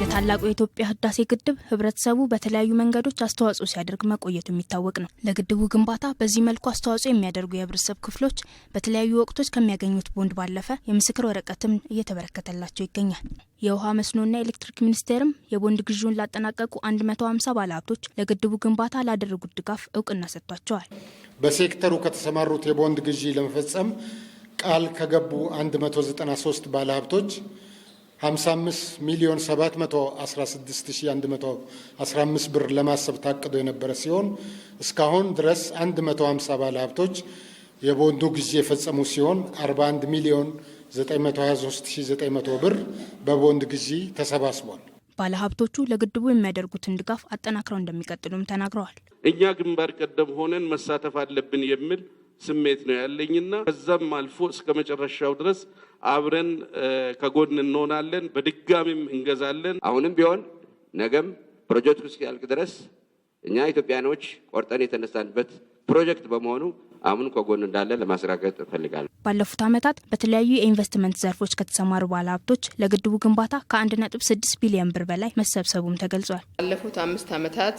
የታላቁ የኢትዮጵያ ህዳሴ ግድብ ህብረተሰቡ በተለያዩ መንገዶች አስተዋጽኦ ሲያደርግ መቆየቱ የሚታወቅ ነው። ለግድቡ ግንባታ በዚህ መልኩ አስተዋጽኦ የሚያደርጉ የህብረተሰብ ክፍሎች በተለያዩ ወቅቶች ከሚያገኙት ቦንድ ባለፈ የምስክር ወረቀትም እየተበረከተላቸው ይገኛል። የውሃ መስኖና ኤሌክትሪክ ሚኒስቴርም የቦንድ ግዢውን ላጠናቀቁ 150 ባለሀብቶች ለግድቡ ግንባታ ላደረጉት ድጋፍ እውቅና ሰጥቷቸዋል። በሴክተሩ ከተሰማሩት የቦንድ ግዢ ለመፈጸም ቃል ከገቡ 193 ባለሀብቶች 55 ሚሊዮን 716115 ብር ለማሰብ ታቅዶ የነበረ ሲሆን እስካሁን ድረስ 150 ባለ ሀብቶች የቦንዱ ጊዜ የፈጸሙ ሲሆን 41 ሚሊዮን 923900 ብር በቦንድ ጊዜ ተሰባስቧል። ባለሀብቶቹ ለግድቡ የሚያደርጉትን ድጋፍ አጠናክረው እንደሚቀጥሉም ተናግረዋል። እኛ ግንባር ቀደም ሆነን መሳተፍ አለብን የሚል ስሜት ነው ያለኝና ከዛም አልፎ እስከ መጨረሻው ድረስ አብረን ከጎን እንሆናለን። በድጋሚም እንገዛለን። አሁንም ቢሆን ነገም ፕሮጀክቱ እስኪያልቅ ድረስ እኛ ኢትዮጵያኖች ቆርጠን የተነሳንበት ፕሮጀክት በመሆኑ አሁን ከጎን እንዳለ ለማስረጋገጥ እፈልጋለሁ። ባለፉት ዓመታት በተለያዩ የኢንቨስትመንት ዘርፎች ከተሰማሩ ባለሀብቶች ሀብቶች ለግድቡ ግንባታ ከ1.6 ቢሊዮን ብር በላይ መሰብሰቡም ተገልጿል። ባለፉት አምስት ዓመታት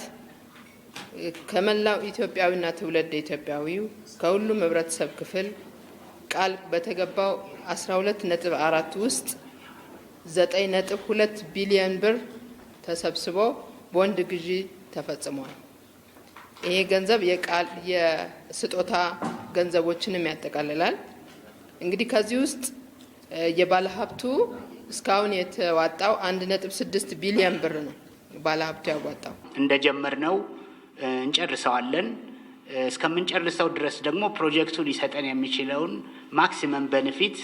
ከመላው ኢትዮጵያዊና ትውልድ ኢትዮጵያዊው ከሁሉም ህብረተሰብ ክፍል ቃል በተገባው 12.4 ውስጥ 9.2 ቢሊዮን ብር ተሰብስቦ ቦንድ ግዢ ተፈጽሟል። ይሄ ገንዘብ የቃል የስጦታ ገንዘቦችንም ያጠቃልላል። እንግዲህ ከዚህ ውስጥ የባለሀብቱ እስካሁን የተዋጣው 1.6 ቢሊዮን ብር ነው። ባለሀብቱ ያዋጣው እንደጀመር ነው እንጨርሰዋለን። እስከምንጨርሰው ድረስ ደግሞ ፕሮጀክቱ ሊሰጠን የሚችለውን ማክሲመም ቤኒፊት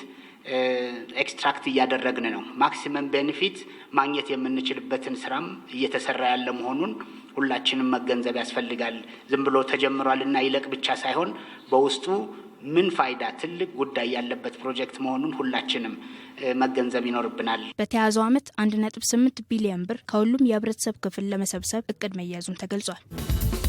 ኤክስትራክት እያደረግን ነው። ማክሲመም ቤኔፊት ማግኘት የምንችልበትን ስራም እየተሰራ ያለ መሆኑን ሁላችንም መገንዘብ ያስፈልጋል። ዝም ብሎ እና ይለቅ ብቻ ሳይሆን በውስጡ ምን ፋይዳ ትልቅ ጉዳይ ያለበት ፕሮጀክት መሆኑን ሁላችንም መገንዘብ ይኖርብናል። በተያዘው ዓመት 1.8 ቢሊዮን ብር ከሁሉም የህብረተሰብ ክፍል ለመሰብሰብ እቅድ መያዙም ተገልጿል።